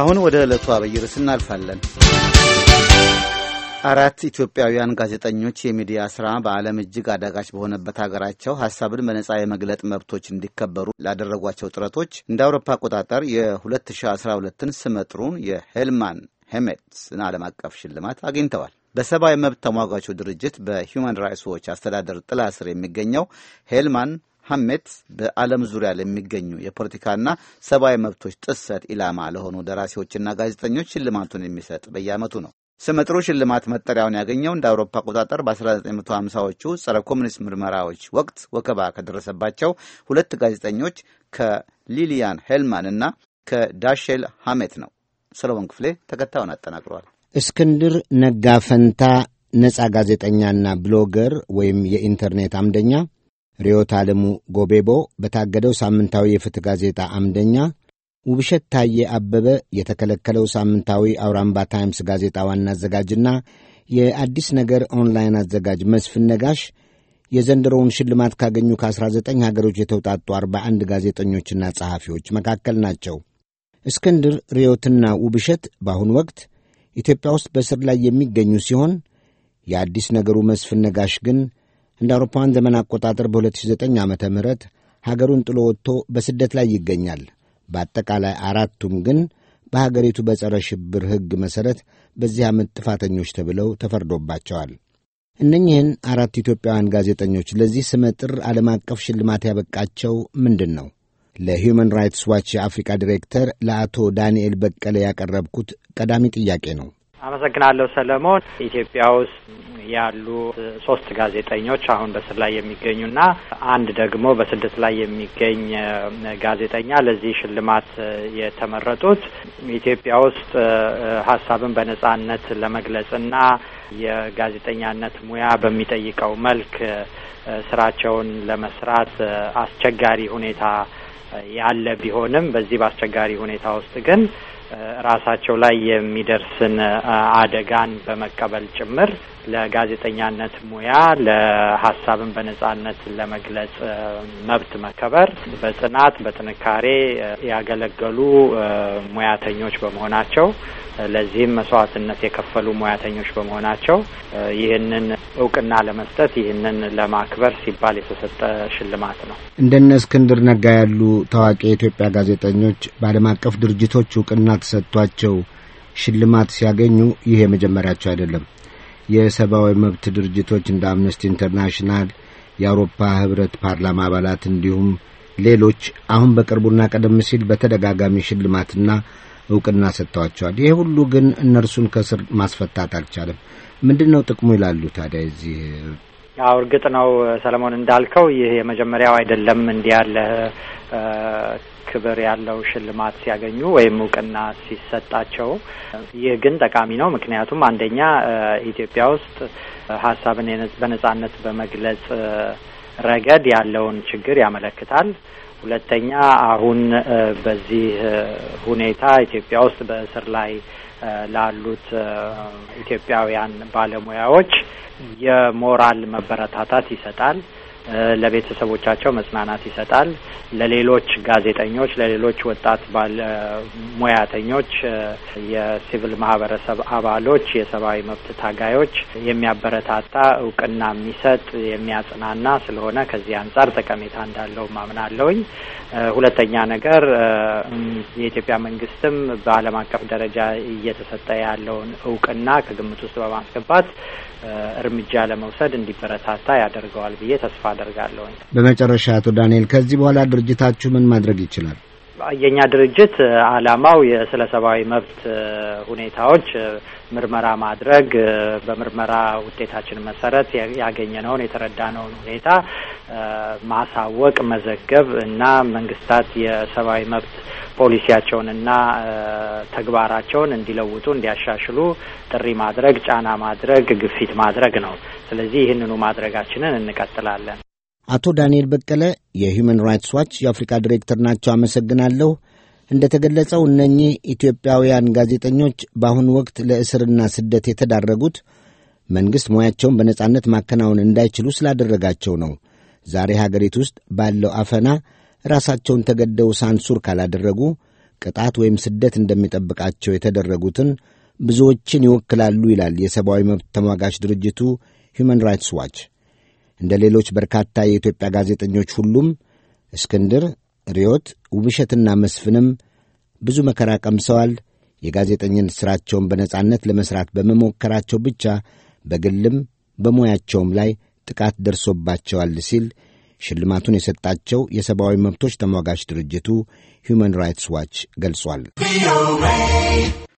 አሁን ወደ ዕለቱ አብይ ርዕስ እናልፋለን። አራት ኢትዮጵያውያን ጋዜጠኞች የሚዲያ ስራ በዓለም እጅግ አዳጋች በሆነበት ሀገራቸው ሀሳብን በነጻ የመግለጥ መብቶች እንዲከበሩ ላደረጓቸው ጥረቶች እንደ አውሮፓ አቆጣጠር የ2012ን ስመጥሩን የሄልማን ሄሜትስን ዓለም አቀፍ ሽልማት አግኝተዋል። በሰብአዊ መብት ተሟጋቹ ድርጅት በሂውማን ራይትስ ዎች አስተዳደር ጥላ ስር የሚገኘው ሄልማን ሐሜት በዓለም ዙሪያ ለሚገኙ የፖለቲካና ሰብአዊ መብቶች ጥሰት ኢላማ ለሆኑ ደራሲዎችና ጋዜጠኞች ሽልማቱን የሚሰጥ በየዓመቱ ነው። ስመጥሩ ሽልማት መጠሪያውን ያገኘው እንደ አውሮፓ አቆጣጠር በ1950ዎቹ ጸረ ኮሚኒስት ምርመራዎች ወቅት ወከባ ከደረሰባቸው ሁለት ጋዜጠኞች ከሊሊያን ሄልማን እና ከዳሼል ሐሜት ነው። ሰለሞን ክፍሌ ተከታዩን አጠናቅሯል። እስክንድር ነጋ ፈንታ ነጻ ጋዜጠኛና ብሎገር ወይም የኢንተርኔት አምደኛ ርዮት ዓለሙ ጎቤቦ በታገደው ሳምንታዊ የፍትህ ጋዜጣ አምደኛ፣ ውብሸት ታየ አበበ የተከለከለው ሳምንታዊ አውራምባ ታይምስ ጋዜጣ ዋና አዘጋጅና የአዲስ ነገር ኦንላይን አዘጋጅ መስፍን ነጋሽ የዘንድሮውን ሽልማት ካገኙ ከ19 ሀገሮች የተውጣጡ 41 ጋዜጠኞችና ጸሐፊዎች መካከል ናቸው። እስክንድር ርዮትና ውብሸት በአሁኑ ወቅት ኢትዮጵያ ውስጥ በእስር ላይ የሚገኙ ሲሆን የአዲስ ነገሩ መስፍን ነጋሽ ግን እንደ አውሮፓውያን ዘመን አቆጣጠር በ2009 ዓ ም ሀገሩን ጥሎ ወጥቶ በስደት ላይ ይገኛል። በአጠቃላይ አራቱም ግን በሀገሪቱ በጸረ ሽብር ሕግ መሠረት በዚህ ዓመት ጥፋተኞች ተብለው ተፈርዶባቸዋል። እነኚህን አራት ኢትዮጵያውያን ጋዜጠኞች ለዚህ ስመጥር ዓለም አቀፍ ሽልማት ያበቃቸው ምንድን ነው? ለሂውማን ራይትስ ዋች የአፍሪካ ዲሬክተር ለአቶ ዳንኤል በቀለ ያቀረብኩት ቀዳሚ ጥያቄ ነው። አመሰግናለሁ ሰለሞን። ኢትዮጵያ ውስጥ ያሉ ሶስት ጋዜጠኞች አሁን በስር ላይ የሚገኙና አንድ ደግሞ በስደት ላይ የሚገኝ ጋዜጠኛ ለዚህ ሽልማት የተመረጡት ኢትዮጵያ ውስጥ ሀሳብን በነጻነት ለመግለጽና የጋዜጠኛነት ሙያ በሚጠይቀው መልክ ስራቸውን ለመስራት አስቸጋሪ ሁኔታ ያለ ቢሆንም በዚህ በአስቸጋሪ ሁኔታ ውስጥ ግን ራሳቸው ላይ የሚደርስን አደጋን በመቀበል ጭምር ለጋዜጠኛነት ሙያ ለሀሳብን በነጻነት ለመግለጽ መብት መከበር በጽናት በጥንካሬ ያገለገሉ ሙያተኞች በመሆናቸው ለዚህም መስዋዕትነት የከፈሉ ሙያተኞች በመሆናቸው ይህንን እውቅና ለመስጠት ይህንን ለማክበር ሲባል የተሰጠ ሽልማት ነው። እንደነ እስክንድር ነጋ ያሉ ታዋቂ የኢትዮጵያ ጋዜጠኞች በዓለም አቀፍ ድርጅቶች እውቅና ተሰጥቷቸው ሽልማት ሲያገኙ ይህ የመጀመሪያቸው አይደለም። የሰብአዊ መብት ድርጅቶች እንደ አምነስቲ ኢንተርናሽናል፣ የአውሮፓ ህብረት ፓርላማ አባላት እንዲሁም ሌሎች አሁን በቅርቡና ቀደም ሲል በተደጋጋሚ ሽልማትና እውቅና ሰጥተዋቸዋል። ይህ ሁሉ ግን እነርሱን ከስር ማስፈታት አልቻለም። ምንድን ነው ጥቅሙ ይላሉ ታዲያ እዚህ ያው እርግጥ ነው ሰለሞን እንዳልከው ይህ የመጀመሪያው አይደለም። እንዲህ ያለ ክብር ያለው ሽልማት ሲያገኙ ወይም እውቅና ሲሰጣቸው፣ ይህ ግን ጠቃሚ ነው። ምክንያቱም አንደኛ ኢትዮጵያ ውስጥ ሀሳብን በነጻነት በመግለጽ ረገድ ያለውን ችግር ያመለክታል። ሁለተኛ አሁን በዚህ ሁኔታ ኢትዮጵያ ውስጥ በእስር ላይ ላሉት ኢትዮጵያውያን ባለሙያዎች የሞራል መበረታታት ይሰጣል። ለቤተሰቦቻቸው መጽናናት ይሰጣል። ለሌሎች ጋዜጠኞች፣ ለሌሎች ወጣት ባለ ሙያተኞች፣ የሲቪል ማህበረሰብ አባሎች፣ የሰብአዊ መብት ታጋዮች የሚያበረታታ እውቅና የሚሰጥ የሚያጽናና ስለሆነ ከዚህ አንጻር ጠቀሜታ እንዳለው ማምናለውኝ። ሁለተኛ ነገር የኢትዮጵያ መንግስትም በዓለም አቀፍ ደረጃ እየተሰጠ ያለውን እውቅና ከግምት ውስጥ በማስገባት እርምጃ ለመውሰድ እንዲበረታታ ያደርገዋል ብዬ ተስፋ አደርጋለሁ። በመጨረሻ አቶ ዳንኤል ከዚህ በኋላ ድርጅታችሁ ምን ማድረግ ይችላል? የእኛ ድርጅት አላማው ስለ ሰብአዊ መብት ሁኔታዎች ምርመራ ማድረግ በምርመራ ውጤታችን መሰረት ያገኘነውን የተረዳነውን ሁኔታ ማሳወቅ፣ መዘገብ እና መንግስታት የሰብአዊ መብት ፖሊሲያቸውንና ተግባራቸውን እንዲለውጡ፣ እንዲያሻሽሉ ጥሪ ማድረግ፣ ጫና ማድረግ፣ ግፊት ማድረግ ነው። ስለዚህ ይህንኑ ማድረጋችንን እንቀጥላለን። አቶ ዳንኤል በቀለ የሁማን ራይትስ ዋች የአፍሪካ ዲሬክተር ናቸው። አመሰግናለሁ። እንደ ተገለጸው እነኚህ ኢትዮጵያውያን ጋዜጠኞች በአሁኑ ወቅት ለእስርና ስደት የተዳረጉት መንግሥት ሙያቸውን በነጻነት ማከናወን እንዳይችሉ ስላደረጋቸው ነው። ዛሬ ሀገሪቱ ውስጥ ባለው አፈና ራሳቸውን ተገደው ሳንሱር ካላደረጉ ቅጣት ወይም ስደት እንደሚጠብቃቸው የተደረጉትን ብዙዎችን ይወክላሉ ይላል የሰብአዊ መብት ተሟጋች ድርጅቱ ሁማን ራይትስ ዋች። እንደ ሌሎች በርካታ የኢትዮጵያ ጋዜጠኞች ሁሉም እስክንድር ርዮት፣ ውብሸትና መስፍንም ብዙ መከራ ቀምሰዋል። የጋዜጠኝን ሥራቸውን በነጻነት ለመሥራት በመሞከራቸው ብቻ በግልም በሙያቸውም ላይ ጥቃት ደርሶባቸዋል ሲል ሽልማቱን የሰጣቸው የሰብአዊ መብቶች ተሟጋች ድርጅቱ ሁማን ራይትስ ዋች ገልጿል።